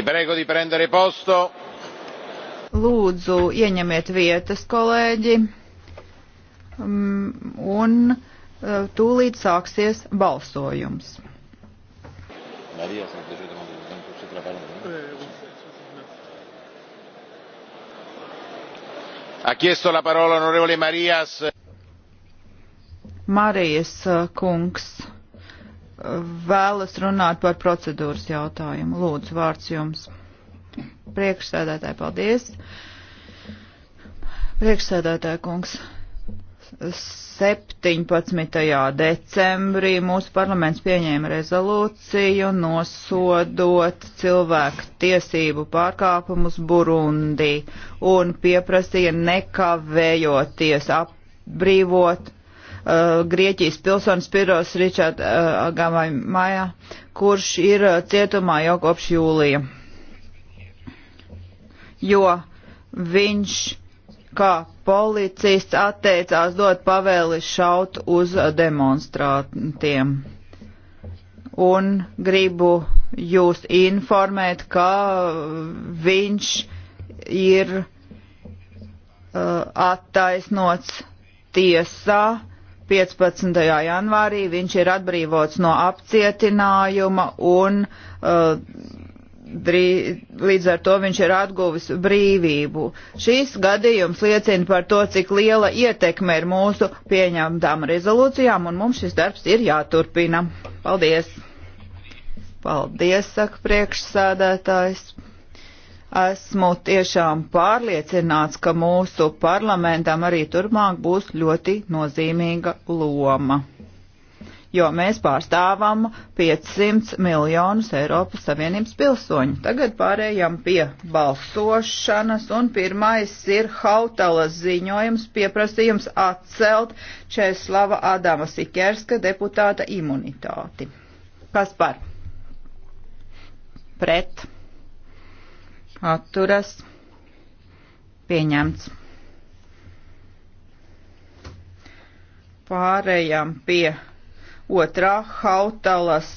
Vi prego di prendere posto. Lūdzu, ieņemiet vietas, kolēģi, mm, un e, tūlīt sāksies balsojums. Marija, ha nu? chiesto la parola onorevole marias marijas e, kungs vēlas runāt par procedūras jautājumu. Lūdzu, vārds jums. Priekšsēdētāji, paldies. Priekšsēdētāji, kungs. 17. decembrī mūsu parlaments pieņēma rezolūciju nosodot cilvēku tiesību pārkāpumus Burundī un pieprasīja nekavējoties apbrīvot Uh, Grieķijas pilsonis Piros Ričard uh, Agamai Maja, kurš ir uh, cietumā jau kopš jūlija. Jo viņš kā policists atteicās dot pavēli šaut uz demonstrantiem. Un gribu jūs informēt, ka viņš ir uh, attaisnots tiesā 15. janvārī viņš ir atbrīvots no apcietinājuma un uh, drī, līdz ar to viņš ir atguvis brīvību. Šīs gadījums liecina par to, cik liela ietekme ir mūsu pieņemtām rezolūcijām, un mums šis darbs ir jāturpina. Paldies! Paldies, saka priekšsādātājs. Esmu tiešām pārliecināts, ka mūsu parlamentam arī turpmāk būs ļoti nozīmīga loma, jo mēs pārstāvam 500 miljonus Eiropas Savienības pilsoņu. Tagad pārējām pie balsošanas, un pirmais ir Hautalas ziņojums pieprasījums atcelt Česlava Adama Sikerska deputāta imunitāti. Kas par? Pret atturas pieņemts. Pārējām pie otrā hautalas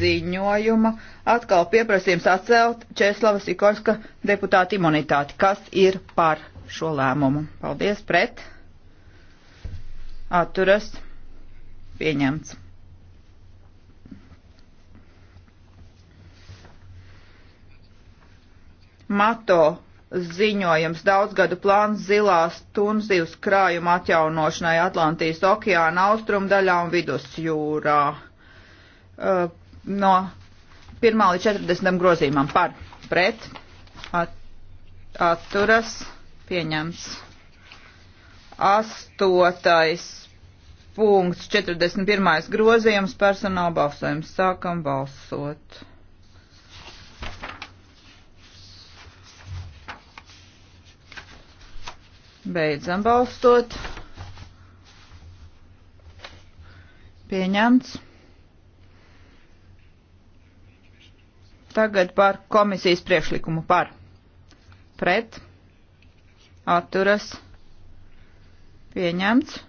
ziņojuma. Atkal pieprasījums atcelt Česlavas Ikorska deputāta imunitāti. Kas ir par šo lēmumu? Paldies pret. Atturas pieņemts. Mato ziņojums daudzgadu plāns zilās tunzīvas krājuma atjaunošanai Atlantijas okeāna austrumdaļā un vidusjūrā. Uh, no 1 līdz 40 grozījumam par pret at, atturas pieņems. Astotais punkts 41. grozījums personāla balsojums. Sākam balsot. Beidzam balstot. Pieņemts. Tagad par komisijas priekšlikumu par pret atturas pieņemts.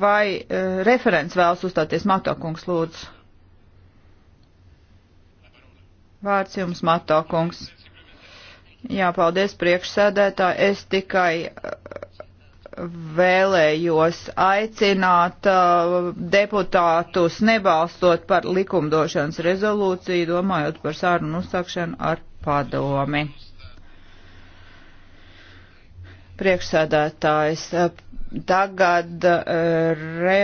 Vai uh, referents vēlas uzstāties Matokungs lūdzu? Vārds jums, Matokungs. Jā, paldies priekšsēdētā. Es tikai uh, vēlējos aicināt uh, deputātus nebalstot par likumdošanas rezolūciju, domājot par sārunu uzsākšanu ar padomi. Priekšsēdētājs uh, tagad uh, re,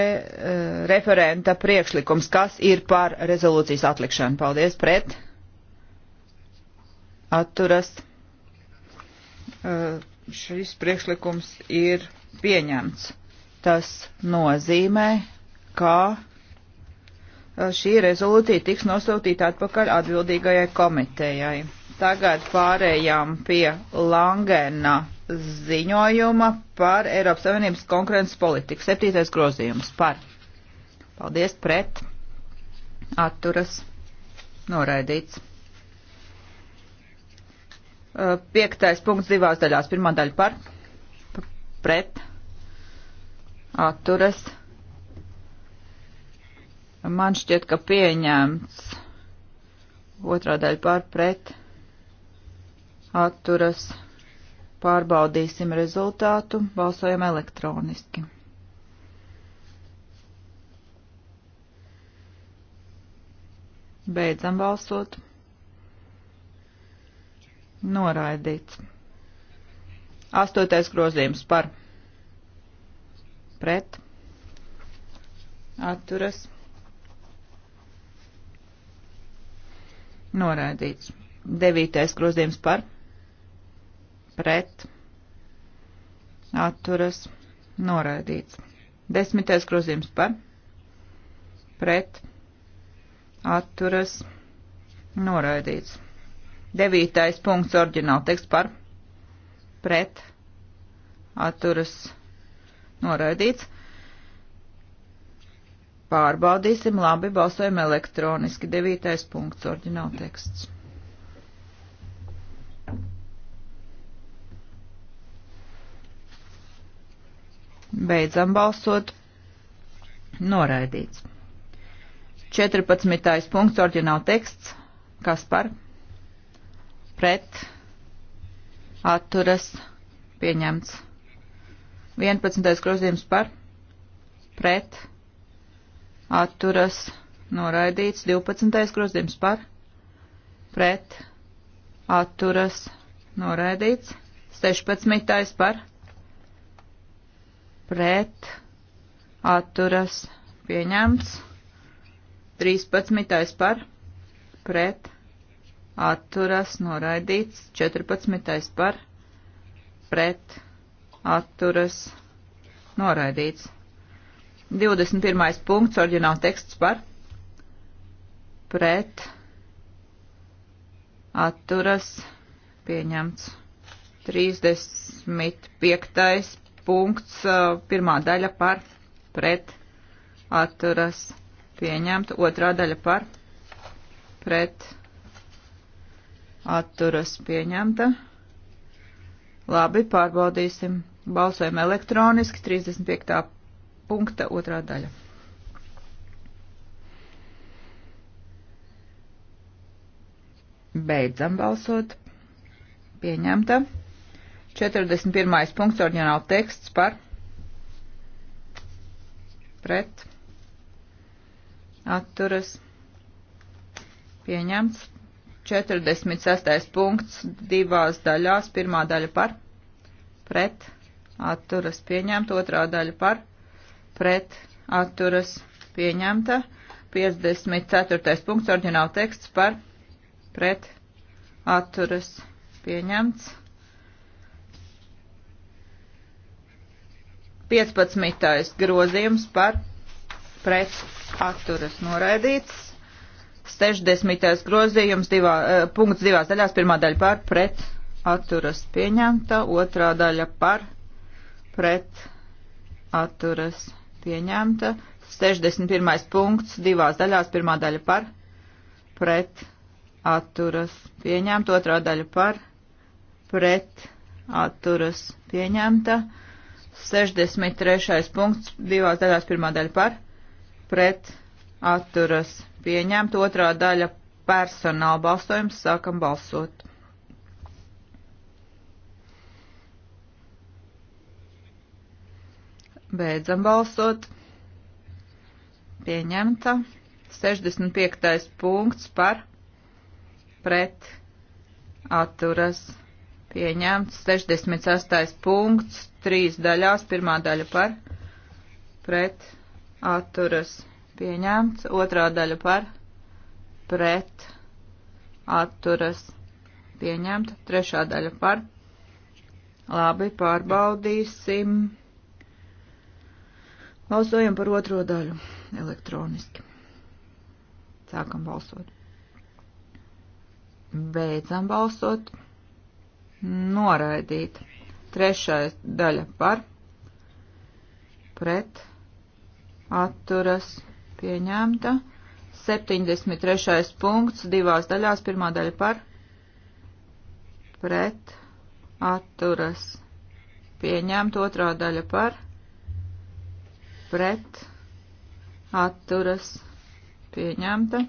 referenta priekšlikums, kas ir par rezolūcijas atlikšanu. Paldies pret. Atturas. Eh, šis priekšlikums ir pieņemts. Tas nozīmē, ka eh, šī rezolūcija tiks nosūtīta atpakaļ atbildīgajai komitejai. Tagad pārējām pie Langena ziņojuma par Eiropas Savienības konkurences politiku. Septītais grozījums par. Paldies pret. Atturas. Noraidīts. Piektais punkts divās daļās. Pirmā daļa par, pret, atturas. Man šķiet, ka pieņēmts. Otrā daļa par, pret, atturas. Pārbaudīsim rezultātu. Balsojam elektroniski. Beidzam balsot. Noraidīts. Astotais grozījums par pret atturas noraidīts. Devītais grozījums par pret atturas noraidīts. Desmitais grozījums par pret atturas noraidīts. Devītais punkts oriģināla teksts par pret atturas noraidīts. Pārbaudīsim, labi, balsojam elektroniski. Devītais punkts oriģināla teksts. Beidzam balsot. Noraidīts. 14. punkts, orģināla teksts. Kas par? pret atturas pieņemts. 11. grozījums par pret atturas noraidīts. 12. grozījums par pret atturas noraidīts. 16. par pret atturas pieņemts. 13. par pret atturas noraidīts, 14. par pret atturas noraidīts. 21. punkts, orģināls teksts par pret atturas pieņemts. 35. punkts, pirmā daļa par pret atturas pieņemta, otrā daļa par pret atturas atturas pieņemta. Labi, pārbaudīsim. Balsojam elektroniski, 35. punkta otrā daļa. Beidzam balsot. Pieņemta. 41. punkts, orģināla teksts par pret atturas pieņemts. 46. punkts divās daļās. Pirmā daļa par, pret, atturas pieņemta. Otrā daļa par, pret, atturas pieņemta. 54. punkts orģināla teksts par, pret, atturas pieņemts. 15. grozījums par, pret, atturas noraidīts. 60. grozījums, divā, eh, punkts divās daļās, pirmā daļa par, pret, atturas pieņemta, otrā daļa par, pret, atturas pieņemta, 61. punkts divās daļās, pirmā daļa par, pret, atturas pieņemta, otrā daļa par, pret, atturas pieņemta, 63. punkts divās daļās, pirmā daļa par, pret, atturas pieņemta pieņemta. Otrā daļa personāla balsojums. Sākam balsot. Beidzam balsot. Pieņemta. 65. punkts par pret atturas. Pieņemts. 68. punkts. Trīs daļās. Pirmā daļa par pret atturas pieņemts, otrā daļa par pret atturas pieņemta, trešā daļa par labi pārbaudīsim. Balsojam par otro daļu elektroniski. Sākam balsot. Beidzam balsot. Noraidīt. Trešais daļa par pret atturas pieņemta pieņemta. 73. punkts divās daļās. Pirmā daļa par pret atturas pieņemta. Otrā daļa par pret atturas pieņemta.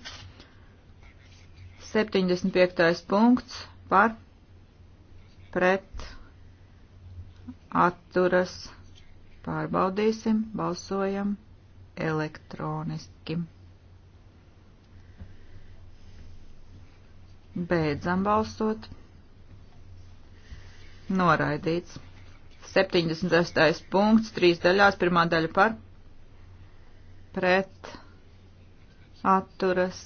75. punkts par pret atturas pārbaudīsim, balsojam elektroniski. Beidzam balsot. Noraidīts. 76. punkts, trīs daļās, pirmā daļa par, pret, atturas,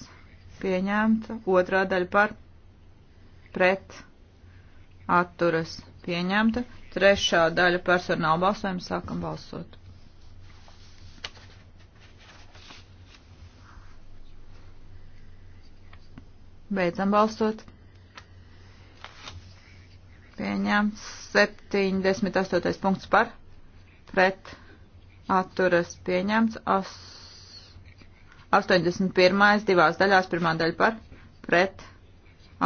pieņemta, otrā daļa par, pret, atturas, pieņemta, trešā daļa personāla balsojuma, sākam balsot. Beidzam balsot. Pieņemts 78. punkts par, pret, atturas pieņemts, As, 81. divās daļās, pirmā daļa par, pret,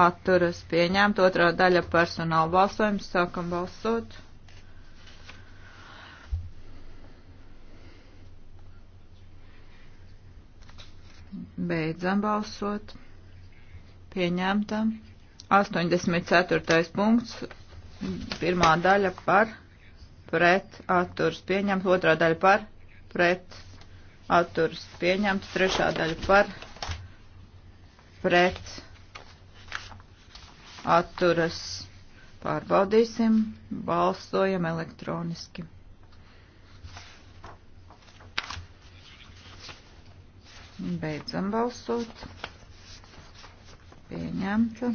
atturas pieņemt, otrā daļa personāla balsojums, sākam balsot. Beidzam balsot pieņemta. 84. punkts, pirmā daļa par pret atturs pieņemta, otrā daļa par pret atturs pieņemta, trešā daļa par pret atturas pārbaudīsim, balsojam elektroniski. Beidzam balsot pieņemta.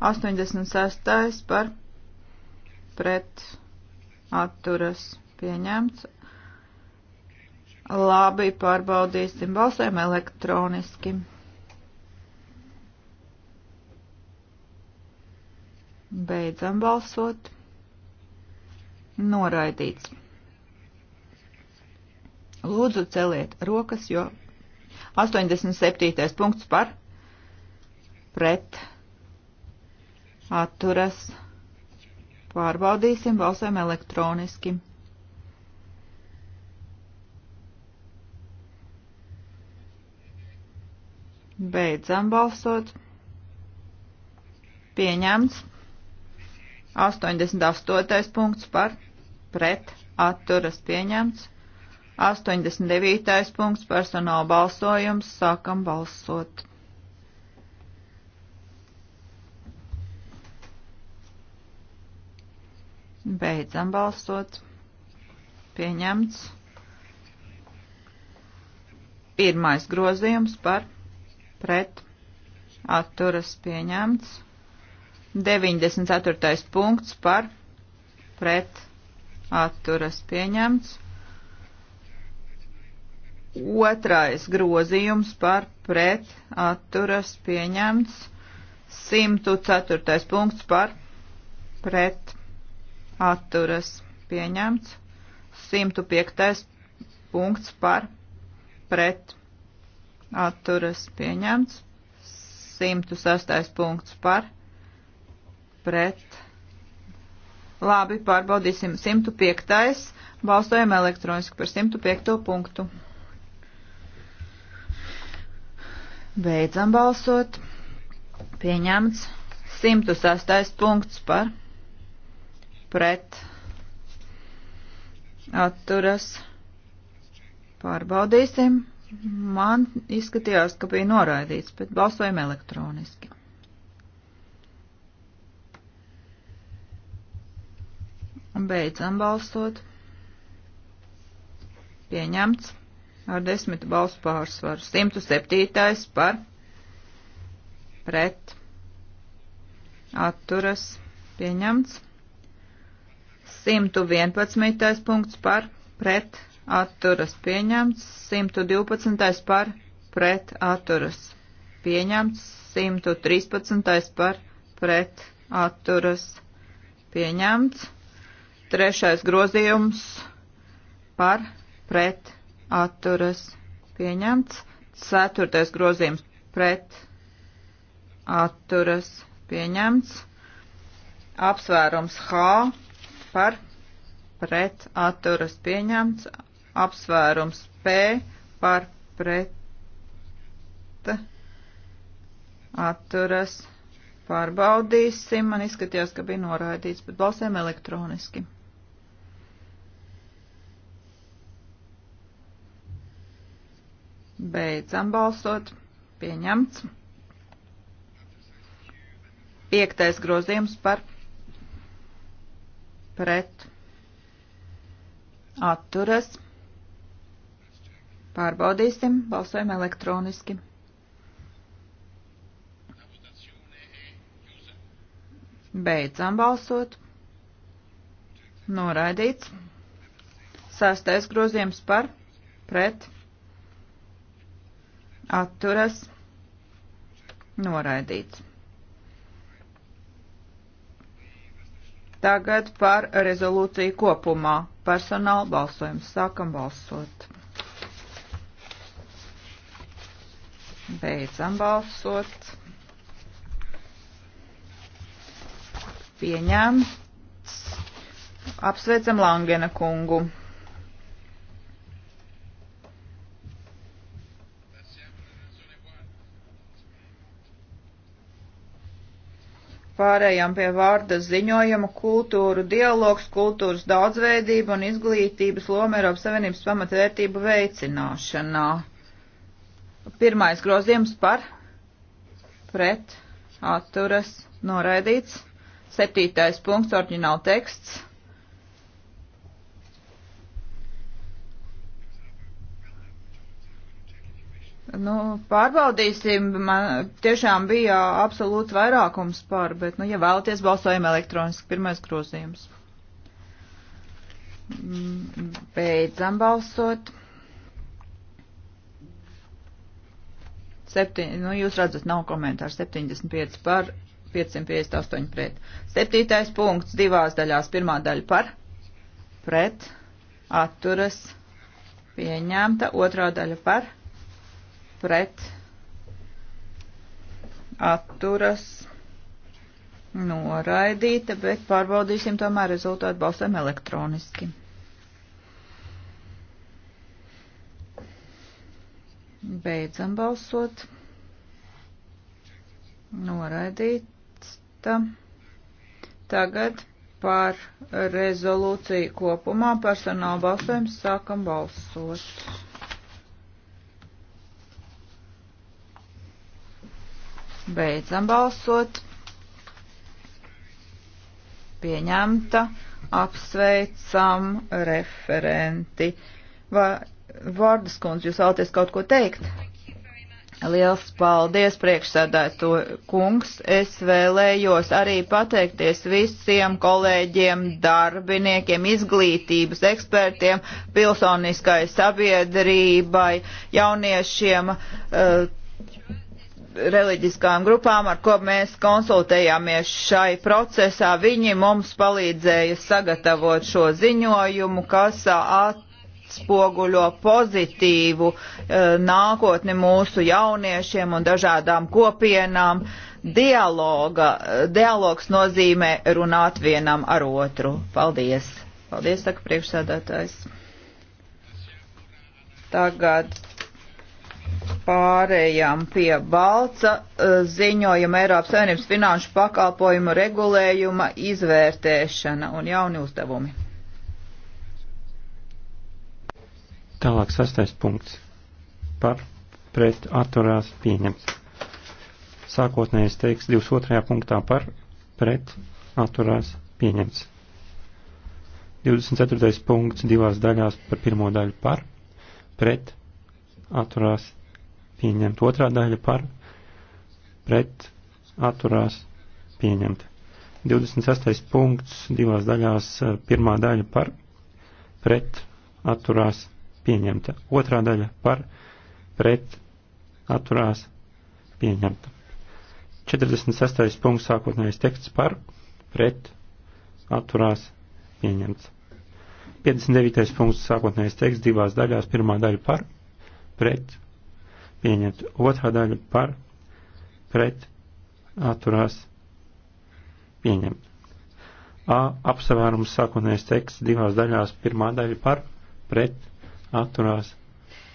86. par pret atturas pieņemts. Labi, pārbaudīsim balsēm elektroniski. Beidzam balsot. Noraidīts. Lūdzu, celiet rokas, jo 87. punkts par pret atturas pārbaudīsim, balsojam elektroniski. Beidzam balsot. Pieņemts. 88. punkts par pret atturas pieņemts. 89. punkts personāla balsojums. Sākam balsot. Beidzam balsot. Pieņemts. Pirmais grozījums par pret atturas pieņemts. 94. punkts par pret atturas pieņemts. Otrais grozījums par pret atturas pieņemts. 104. punkts par pret atturas pieņemts atturas pieņemts. 105. punkts par pret atturas pieņemts. 106. punkts par pret. Labi, pārbaudīsim 105. Balsojam elektroniski par 105. punktu. Beidzam balsot. Pieņemts 106. punkts par pret atturas. Pārbaudīsim. Man izskatījās, ka bija noraidīts, bet balsojam elektroniski. Un beidzam balsot. Pieņemts ar desmit balsu pārsvaru. 107. par pret atturas pieņemts. 111. punkts par pret atturas pieņemts, 112. par pret atturas pieņemts, 113. par pret atturas pieņemts, trešais grozījums par pret atturas pieņemts, ceturtais grozījums pret atturas pieņemts, apsvērums H par pret atturas pieņemts, apsvērums P par pret atturas pārbaudīsim. Man izskatījās, ka bija noraidīts, bet balsēm elektroniski. Beidzam balsot. Pieņemts. Piektais grozījums par pret pret atturas. Pārbaudīsim, balsojam elektroniski. Beidzam balsot. Noraidīts. Sastais grozījums par, pret, atturas, noraidīts. Tagad par rezolūciju kopumā. Personāla balsojums. Sākam balsot. Beidzam balsot. Pieņemts. Apsveicam Langena kungu. pārējām pie vārda ziņojuma kultūru dialogs, kultūras daudzveidība un izglītības loma Eiropas Savienības pamatvērtību veicināšanā. Pirmais grozījums par pret atturas noraidīts. Septītais punkts, orģināla teksts Nu, pārbaudīsim, man tiešām bija absolūts vairākums par, bet, nu, ja vēlaties, balsojam elektroniski, pirmais grozījums. Mm, beidzam balsot. Septiņ, nu, jūs redzat, nav komentāru 75 par, 558 pret. Septītais punkts divās daļās, pirmā daļa par, pret, atturas, pieņemta, otrā daļa par pret atturas noraidīta, bet pārbaudīsim tomēr rezultātu balsēm elektroniski. Beidzam balsot. Noraidīta. Tagad par rezolūciju kopumā personāla balsojumu sākam balsot. Beidzam balsot. Pieņemta. Apsveicam referenti. Vai Vārdas kundze, jūs vēlaties kaut ko teikt? Liels paldies, priekšsēdēto kungs. Es vēlējos arī pateikties visiem kolēģiem, darbiniekiem, izglītības ekspertiem, pilsoniskai sabiedrībai, jauniešiem. Uh, reliģiskām grupām, ar ko mēs konsultējāmies šai procesā. Viņi mums palīdzēja sagatavot šo ziņojumu, kas atspoguļo pozitīvu nākotni mūsu jauniešiem un dažādām kopienām. Dialoga, dialogs nozīmē runāt vienam ar otru. Paldies! Paldies, saka priekšsēdētājs. Tagad pārējām pie balca eh, ziņojuma Eiropas Savienības finanšu pakalpojumu regulējuma izvērtēšana un jauni uzdevumi. Tālāk sastais punkts par pret atturās pieņems. Sākotnējais teiks 22. punktā par pret atturās pieņems. 24. punkts divās daļās par pirmo daļu par pret atturās pieņems pieņemta. Otrā daļa par pret atturās pieņemta. 26. punkts divās daļās. Pirmā daļa par pret atturās pieņemta. Otrā daļa par pret atturās pieņemta. 46. punkts sākotnējais teksts par pret atturās pieņemts. 59. punkts sākotnējais teksts divās daļās. Pirmā daļa par pret pieņemts. Otrā daļa par pret atturās pieņemt. A. Apsevērums sākotnējais teksts divās daļās. Pirmā daļa par pret atturās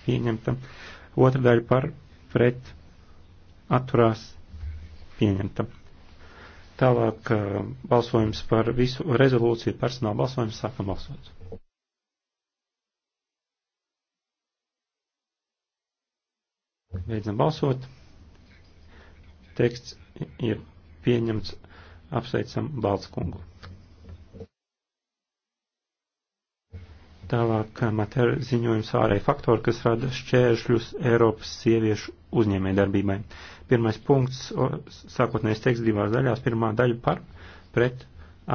pieņemta. Otra daļa par pret atturās pieņemta. Tālāk eh, balsojums par visu rezolūciju personāla balsojums sākam balsot. Beidzam balsot. Teksts ir pieņemts. Apsveicam Balskungu. Tālāk matēra ziņojums ārēji faktori, kas rada šķēršļus Eiropas sieviešu uzņēmē darbībai. Pirmais punkts, sākotnējais teksts divās daļās, pirmā daļa par, pret,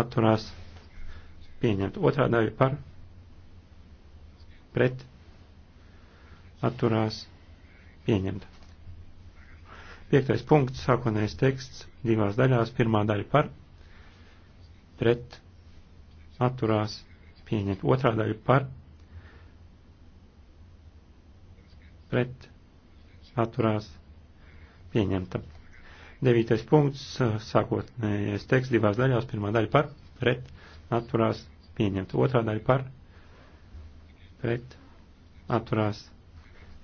atturās, pieņemt. Otrā daļa par, pret, atturās, pieņemt pieņemta. Piektais punkts, sākotnējais teksts, divās daļās, pirmā daļa par, pret, atturās, pieņemta, otrā daļa par, pret, atturās, pieņemta. Devītais punkts, sākotnējais teksts, divās daļās, pirmā daļa par, pret, atturās, pieņemta, otrā daļa par, pret, atturās, pieņemta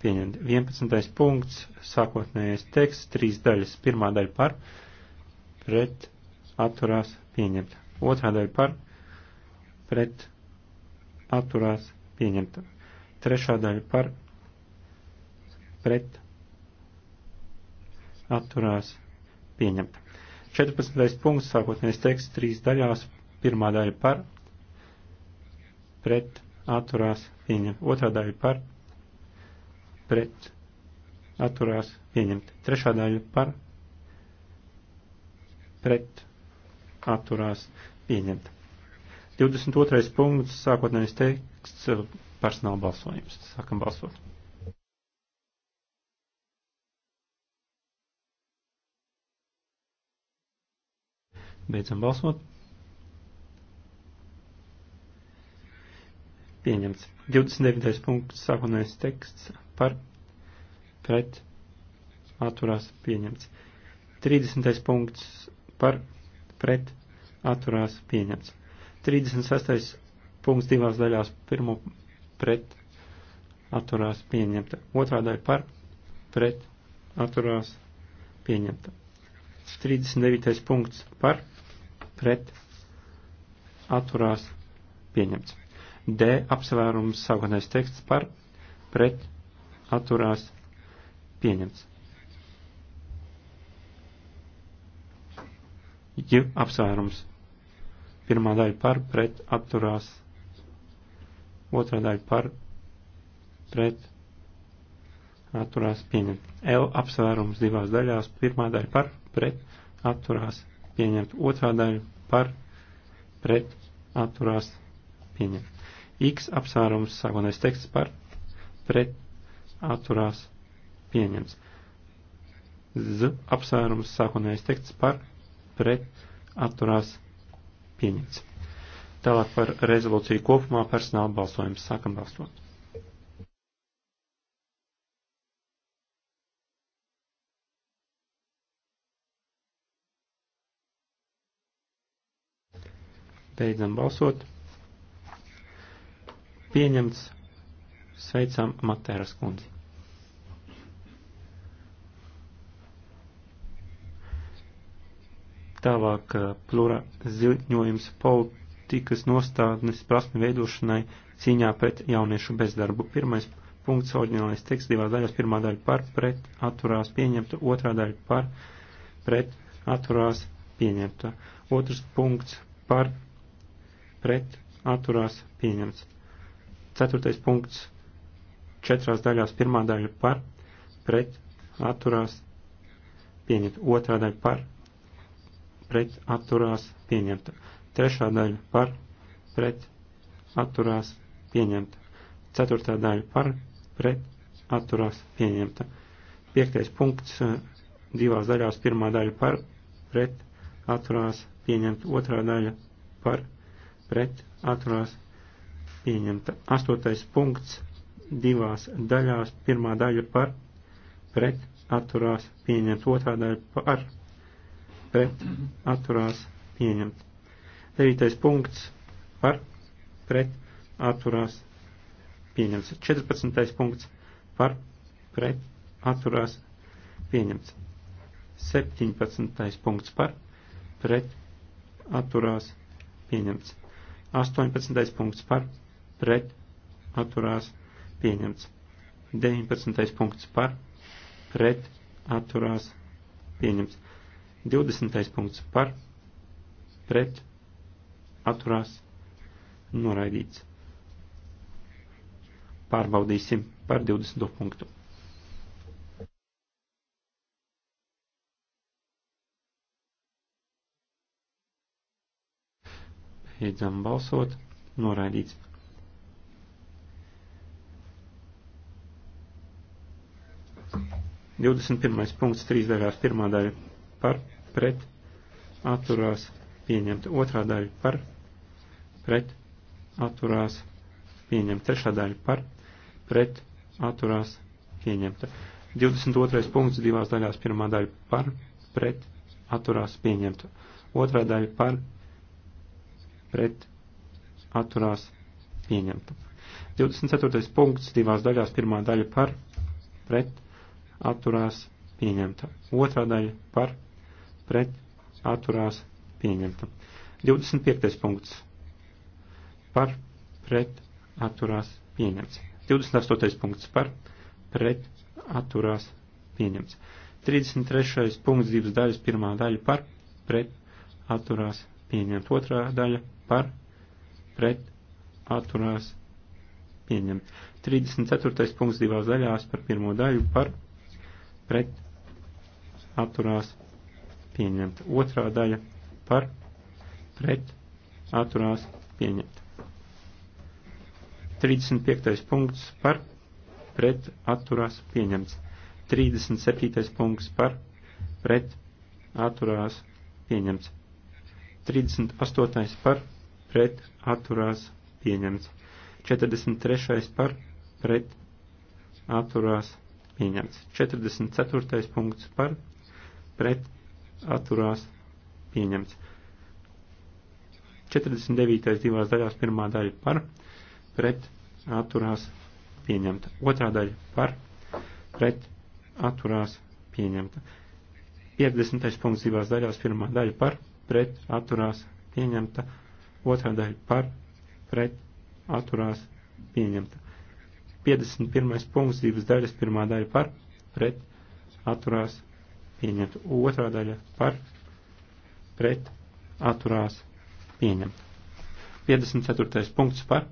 pieņemt. 11. punkts, sākotnējais teksts, trīs daļas. Pirmā daļa par, pret, atturās, pieņemt. Otrā daļa par, pret, atturās, pieņemt. Trešā daļa par, pret, atturās, pieņemt. 14. punkts, sākotnējais teksts, trīs daļās. Pirmā daļa par, pret, atturās, pieņemt. Otrā daļa par, pret, pret atturās pieņemt. Trešā daļa par pret atturās pieņemt. 22. punkts, sākotnējais teksts, eh, personāla balsojums. Sākam balsot. Beidzam balsot. Pieņemts. 29. punkts, sākotnējais teksts, par pret atturās pieņemts. 30. punkts par pret atturās pieņemts. 36. punkts divās daļās pirmo pret atturās pieņemta. Otrā daļa par pret atturās pieņemta. 39. punkts par pret atturās pieņemts. D apsvērums sākotnējais teksts par pret atturās pieņemts. Ja apsvērums. Pirmā daļa par pret atturās. Otrā daļa par pret atturās pieņemt. L apsvērums divās daļās. Pirmā daļa par pret atturās pieņemt. Otrā daļa par pret atturās pieņemt. X apsvērums sākotnēs teksts par pret atturās pieņemts. Z apsvērums sākotnējais teksts par pret atturās pieņemts. Tālāk par rezolūciju kopumā personāla balsojums. Sākam balsot. Beidzam balsot. Pieņemts Sveicam Matēras kundzi. Tālāk eh, plura ziņojums politikas nostādnes prasme veidošanai cīņā pret jauniešu bezdarbu. Pirmais punkts oriģinālais teksts divās daļās. Pirmā daļa par pret atturās pieņemta, otrā daļa par pret atturās pieņemta. Otrs punkts par pret atturās pieņemts. Ceturtais punkts četrās daļās. Pirmā daļa par, pret, atturās, pieņemta. Otrā daļa par, pret, atturās, pieņemta. Trešā daļa par, pret, atturās, pieņemta. Ceturtā daļa par, pret, atturās, pieņemta. Piektais punkts eh, divās daļās. Pirmā daļa par, pret, atturās, pieņemta. Otrā daļa par, pret, atturās, pieņemta. Astotais punkts divās daļās. Pirmā daļa par, pret, atturās, pieņemt. Otrā daļa par, pret, atturās, pieņemt. Devītais punkts par, pret, atturās, pieņemts. 14. punkts par, pret, atturās, pieņemts. 17. punkts par, pret, atturās, pieņemts. 18. punkts par, pret, atturās, pieņemts pieņemts. 19. punkts par, pret, atturās, pieņemts. 20. punkts par, pret, atturās, noraidīts. Pārbaudīsim par 20. punktu. Beidzam balsot, noraidīts. 21. punkts, 3 daļās, pirmā daļa par, pret, atturās, pieņemta, otrā daļa par, pret, atturās, pieņemta, trešā daļa par, pret, atturās, pieņemta. 22. punkts, divās daļās, pirmā daļa par, pret, atturās, pieņemta, otrā daļa par, pret, atturās, pieņemta. 24. punkts, divās daļās, pirmā daļa par, pret, atturās, pieņemta atturās pieņemta. Otrā daļa par pret atturās pieņemta. 25. punkts par pret atturās pieņemts. 28. punkts par pret atturās pieņemts. 33. punkts divas daļas, pirmā daļa par pret atturās pieņemt. Otrā daļa par pret atturās pieņemt. 34. punkts divās daļās par pirmo daļu par pret pret atturās pieņemt. Otrā daļa par pret atturās pieņemt. 35. punkts par pret atturās pieņemts. 37. punkts par pret atturās pieņemts. 38. par pret atturās pieņemts. 43. par pret atturās pieņemts pieņemts. 44. punkts par pret atturās pieņemts. 49. divās daļās pirmā daļa par pret atturās pieņemta. Otrā daļa par pret atturās pieņemta. 50. punkts divās daļās pirmā daļa par pret atturās pieņemta. Otrā daļa par pret atturās pieņemta. 51. punkts, divas daļas, pirmā daļa par, pret, atturās, pieņemt. Otrā daļa par, pret, atturās, pieņemt. 54. punkts par,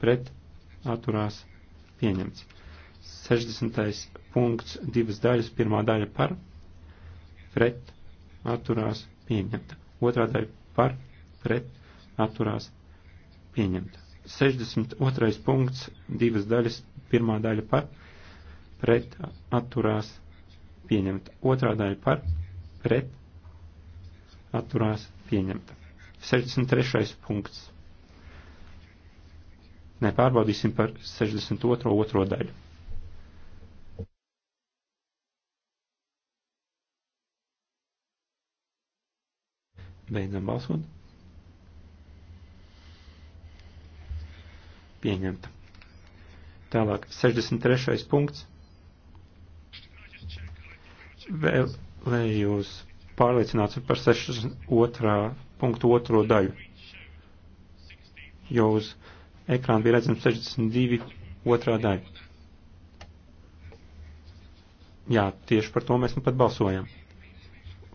pret, atturās, pieņemts. 60. punkts, divas daļas, pirmā daļa par, pret, atturās, pieņemta. Otrā daļa par, pret, atturās, pieņemta. 62. punkts, divas daļas, pirmā daļa par, pret atturās pieņemta, otrā daļa par, pret atturās pieņemta. 63. punkts. Nē, pārbaudīsim par 62. otro daļu. Beidzam balsot. pieņemta. Tālāk, 63. punkts. Vēlējos pārliecināts par 62. punktu otro daļu, jo uz ekrāna bija redzams 62. otrā daļa. Jā, tieši par to mēs nu pat balsojam.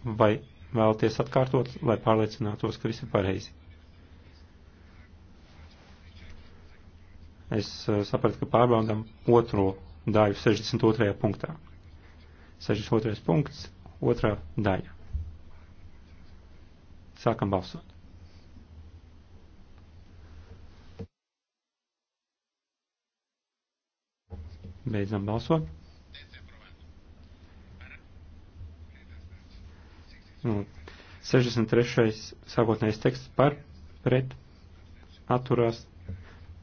Vai vēlaties atkārtot, lai pārliecinātos, ka viss ir pareizi? Es eh, sapratu, ka pārbaudām otro daļu 62. punktā. 62. punkts, otrā daļa. Sākam balsot. Beidzam balsot. Nu, 63. sākotnējais teksts par pret atturās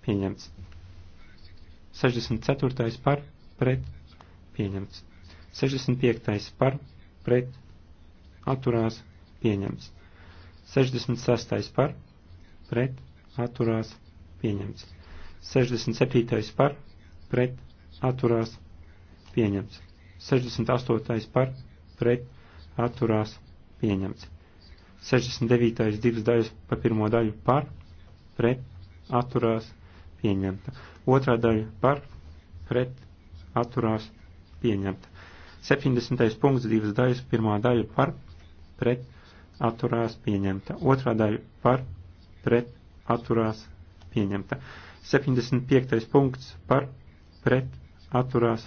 pieņemts. 64. par pret pieņemts. 65. par pret atturās pieņemts. 66. par pret atturās pieņemts. 67. par pret atturās pieņemts. 68. par pret atturās pieņemts. 69. divas daļas pa pirmo daļu par pret atturās pieņemta. Otrā daļa par pret atturās pieņemta. 70. punkts divas daļas. Pirmā daļa par pret atturās pieņemta. Otrā daļa par pret atturās pieņemta. 75. punkts par pret atturās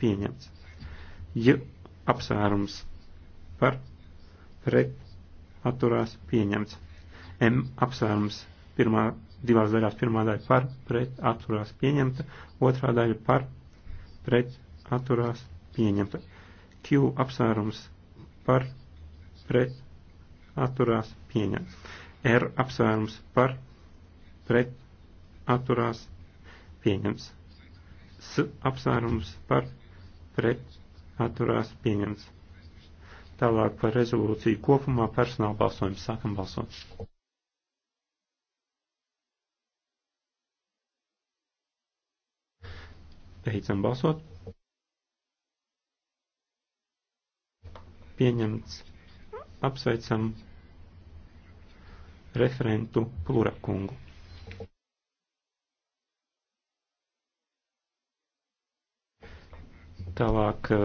pieņemts. Ja apsvērums par pret atturās pieņemts. M apsvērums pirmā divās daļās. Pirmā daļa par, pret, atturās pieņemta, otrā daļa par, pret, atturās pieņemta. Q apsvērums par, pret, atturās pieņemta. R apsvērums par, pret, atturās pieņemts. S apsvērums par, pret, atturās pieņemts. Tālāk par rezolūciju kopumā personāla balsojums sākam balsot. Beidzam balsot. Pieņemts. Apsveicam referentu Plurakungu. Tālāk eh,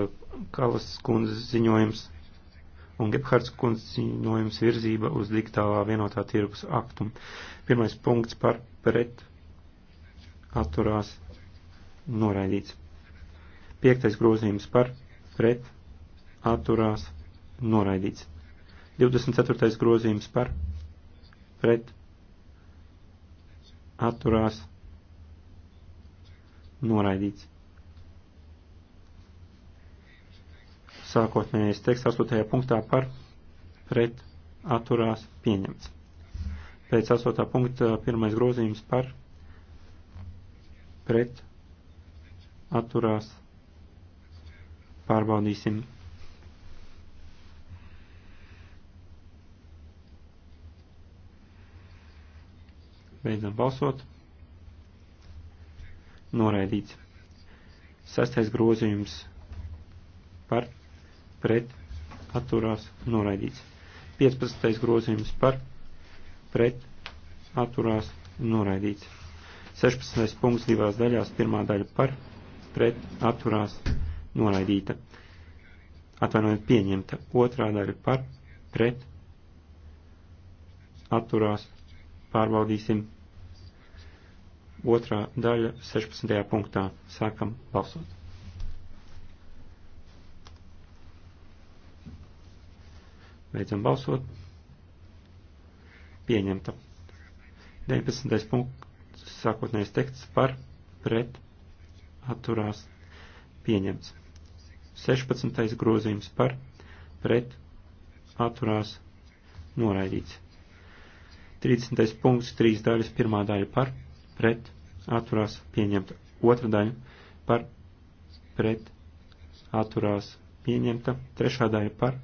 Kalas kundzes ziņojums un Gebhards kundzes ziņojums virzība uz digitālā vienotā tirgus aktu. Pirmais punkts par pret atturās noraidīts. Piektais grozījums par pret atturās noraidīts. 24. grozījums par pret atturās noraidīts. Sākotnējais teksts 8. punktā par pret atturās pieņemts. Pēc 8. punkta pirmais grozījums par pret atturās, pārbaudīsim. Beidzam balsot. Noraidīts. Sastais grozījums par, pret, atturās, noraidīts. 15. grozījums par, pret, atturās, noraidīts. 16. punkts divās daļās, pirmā daļa par, pret atturās noraidīta. Atvainojiet, pieņemta. Otrā daļa par pret atturās pārbaudīsim. Otrā daļa 16. punktā. Sākam balsot. Beidzam balsot. Pieņemta. 19. punkts. Sākotnējais teksts par pret atturās pieņemts. 16. grozījums par pret atturās noraidīts. 30. punkts, 3 daļas, 1 daļa par pret atturās pieņemta, 2 daļa par pret atturās pieņemta, 3 daļa par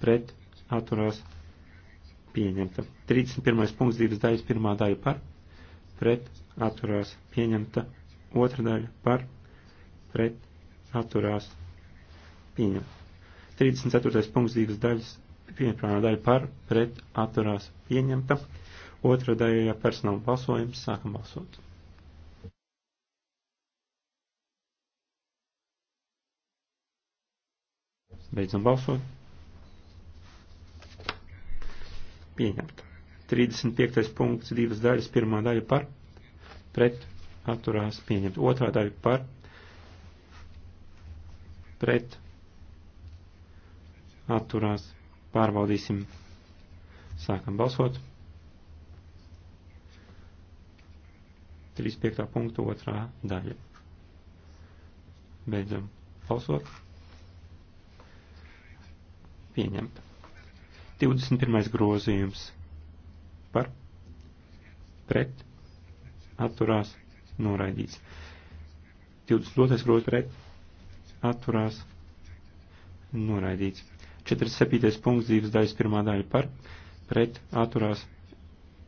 pret atturās pieņemta. 31. punkts, 2 daļas, 1 daļa par pret atturās pieņemta, 2 daļa par pret pret, atturās, pieņem. 34. punkts divas daļas, pirmā daļa par, pret, atturās, pieņemta. Otra daļa, ja personāla balsojums, sākam balsot. Beidzam balsot. Pieņemta. 35. punkts, divas daļas, pirmā daļa par, pret, atturās, pieņemt. Otrā daļa par, pret atturās pārbaudīsim. Sākam balsot. 35. punktu otrā daļa. Beidzam balsot. Pieņemt. 21. grozījums par pret atturās noraidīts. 22. grozījums pret atturās noraidīts. 47. punkts dzīves daļas pirmā daļa par, pret atturās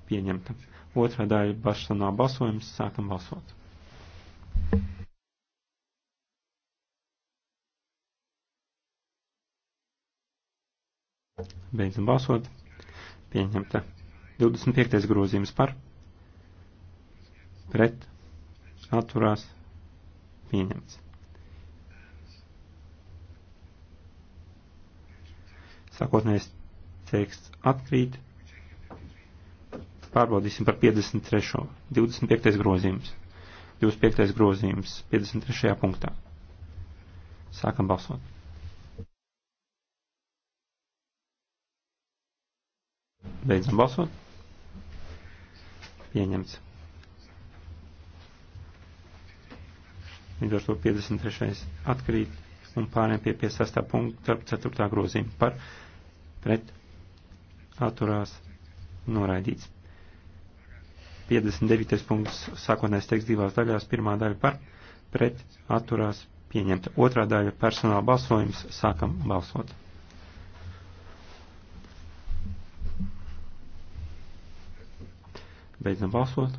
pieņemta. Otrā daļa bašanā balsojums, sākam balsot. Beidzam balsot. Pieņemta. 25. grozījums par, pret atturās pieņemts. Sākotnējais teksts atkrīt. Pārbaudīsim par 53. 25. grozījums. 25. grozījums 53. punktā. Sākam balsot. Beidzam balsot. Pieņemts. Līdz ar to 53. atkrīt un pārējiem pie 56. punkta 4. grozījuma par pret atturās noraidīts. 59. punkts sākotnēs teksts divās daļās. Pirmā daļa par pret atturās pieņemta. Otrā daļa personāla balsojums. Sākam balsot. Beidzam balsot.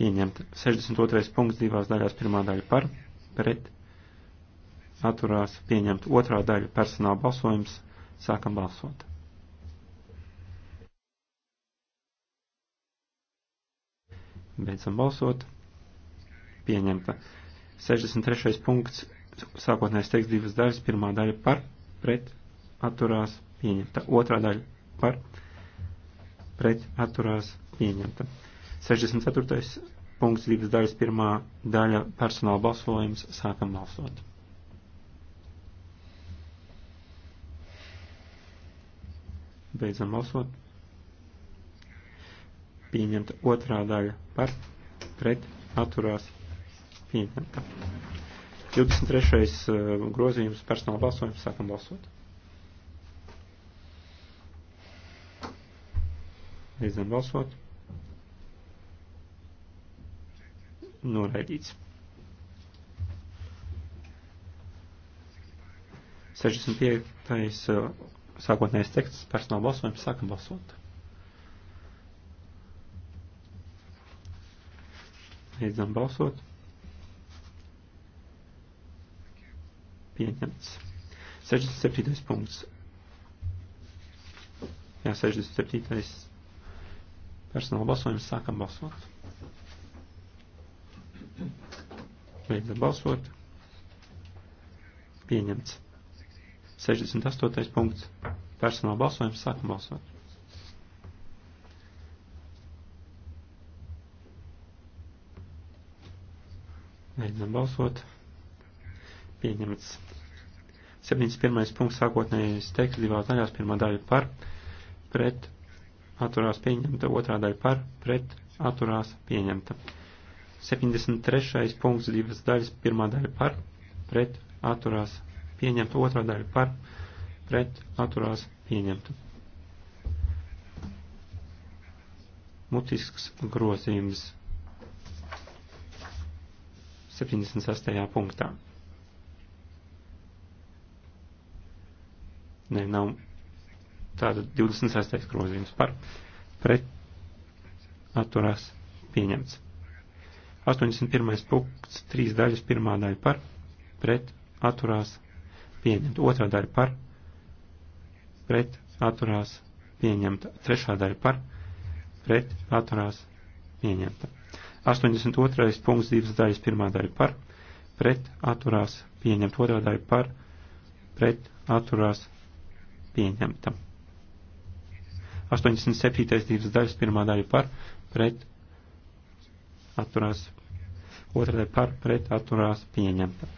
Pieņemta. 62. punkts divās daļās. Pirmā daļa par pret atturās pieņemt otrā daļa personāla balsojums, sākam balsot. Beidzam balsot. Pieņemta. 63. punkts, sākotnējais teksts divas daļas, pirmā daļa par, pret, atturās, pieņemta. Otrā daļa par, pret, atturās, pieņemta. 64. punkts, divas daļas, pirmā daļa personāla balsojums, sākam balsot. Beidzam balsot. Pieņemta otrā daļa par pret atturās pieņemta. 23. Eh, grozījums personāla balsojums. Sākam balsot. Beidzam balsot. Noraidīts. 65 sākotnējais teksts personāla balsojums sākam balsot. Beidzam balsot. Pieņemts. 67. punkts. Jā, 67. personāla balsojums sākam balsot. Beidzam balsot. Pieņemts. 68. punkts. Personāla balsojums. Sākam balsot. Mēģinām balsot. Pieņemts. 71. punkts sākotnējais teksts divās daļās. Pirmā daļa par, pret, atturās pieņemta. Otrā daļa par, pret, atturās pieņemta. 73. punkts divas daļas. Pirmā daļa par, pret, atturās pieņemta, otrā daļa par pret atturās pieņemta. Mutisks grozījums 76. punktā. Nē, nav tāda 26. grozījums par pret atturās pieņemts. 81. punkts, trīs daļas, pirmā daļa par pret atturās pieņemts pieņemta. Otrā daļa par, pret, atturās, pieņemta. Trešā daļa par, pret, atturās, pieņemta. 82. punkts divas daļas, pirmā daļa par, pret, atturās, pieņemta. Otrā daļa par, pret, atturās, pieņemta. 87. divas daļas, pirmā daļa par, pret, atturās, otrā daļa par, pret, atturās, pieņemta.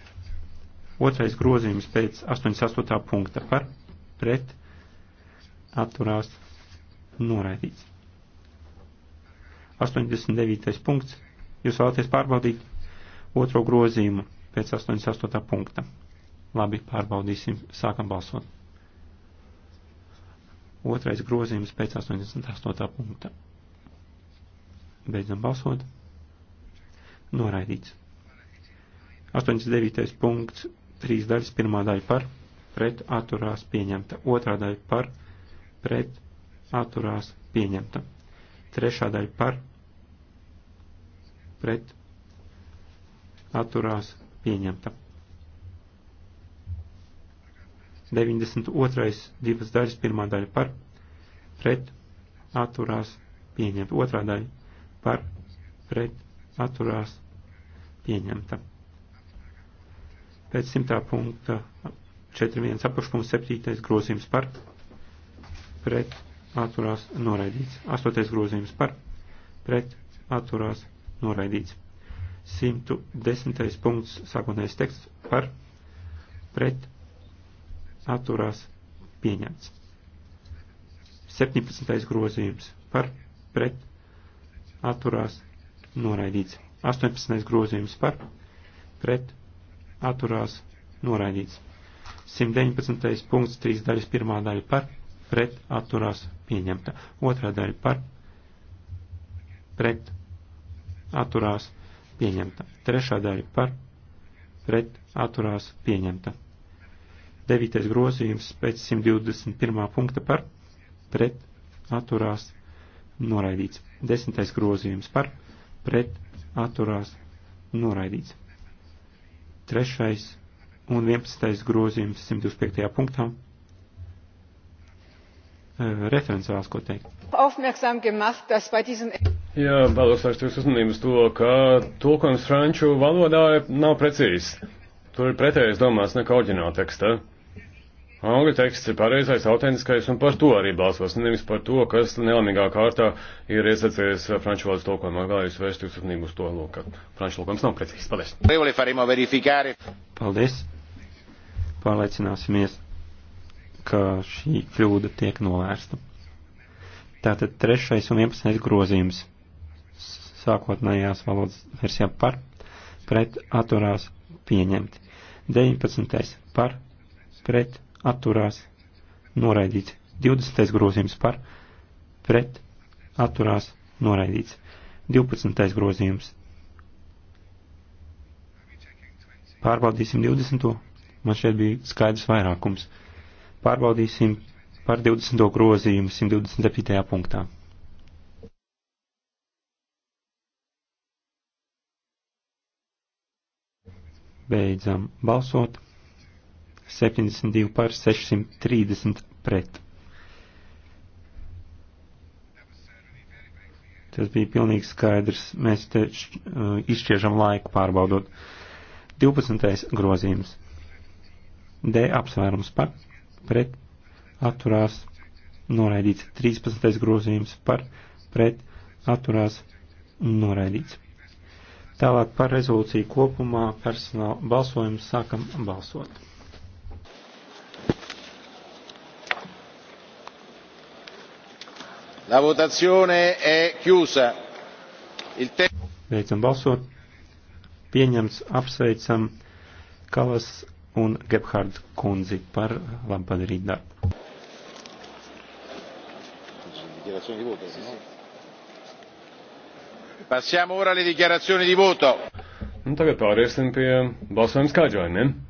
Otrais grozījums pēc 88. punkta par pret atturās noraidīts. 89. punkts. Jūs vēlaties pārbaudīt otro grozījumu pēc 88. punkta. Labi, pārbaudīsim, sākam balsot. Otrais grozījums pēc 88. punkta. Beidzam balsot. Noraidīts. 89. punkts Trīs daļas, pirmā daļa par, pret atturās pieņemta, otrā daļa par, pret atturās pieņemta, trešā daļa par, pret atturās pieņemta. 92. divas daļas, pirmā daļa par, pret, atturās, pieņemt. Otrā daļa par, pret, atturās, pieņemta. Pēc 100. punkta 4.1. apakšpunkts 7. grozījums par pret atturās noraidīts. 8. grozījums par pret atturās noraidīts. 110. punkts sākotnējais teksts par pret atturās pieņemts. 17. grozījums par pret atturās noraidīts. 18. grozījums par pret atturās noraidīts. 119. punkts, 3 daļas, pirmā daļa par, pret, atturās, pieņemta. Otrā daļa par, pret, atturās, pieņemta. Trešā daļa par, pret, atturās, pieņemta. Devītais grozījums pēc 121. punkta par, pret, atturās, noraidīts. Desmitais grozījums par, pret, atturās, noraidīts. 3. un 11. grozījums 125. punktā. Referents vēlas ko teikt. Jā, vēlos vērst jūsu uzmanību uz to, ka tulkojums franču valodā nav precīzs. Tur ir pretējais domās nekā oriģināla teksta. Angļu teksts ir pareizais, autentiskais, un par to arī balsos, nu, nevis par to, kas nelamīgā kārtā ir iesacies franču valodas tulkojumā. Gājus vērst jūsu uzmanību uz to, lūk, ka franču tulkojums nav precīzs. Paldies! Paldies! Pārliecināsimies, ka šī kļūda tiek novērsta. Tātad trešais un vienpadsmitais grozījums sākotnējās valodas versijā par, pret, atturās, pieņemti. 19. par, pret, atturās, noraidīts. 20. grozījums par, pret, atturās, noraidīts. 12. grozījums. Pārbaudīsim 20. Man šeit bija skaidrs vairākums. Pārbaudīsim par 20. grozījumu 127. punktā. Beidzam balsot. 72 par 630 pret. Tas bija pilnīgi skaidrs. Mēs te uh, izšķiežam laiku pārbaudot. 12. grozījums. D apsvērums par, pret, atturās, noraidīts. 13. grozījums par, pret, atturās, noraidīts. Tālāk par rezolūciju kopumā personāla balsojumu sākam balsot. La votazione è chiusa. Il te... Beidzam balsot. Pieņemts apsveicam Kalas un Gebhard kundzi par labpadarīt darbu. Passiamo ora alle dichiarazioni di voto. Un tagad pāriesim pie balsojuma skaidrojumiem.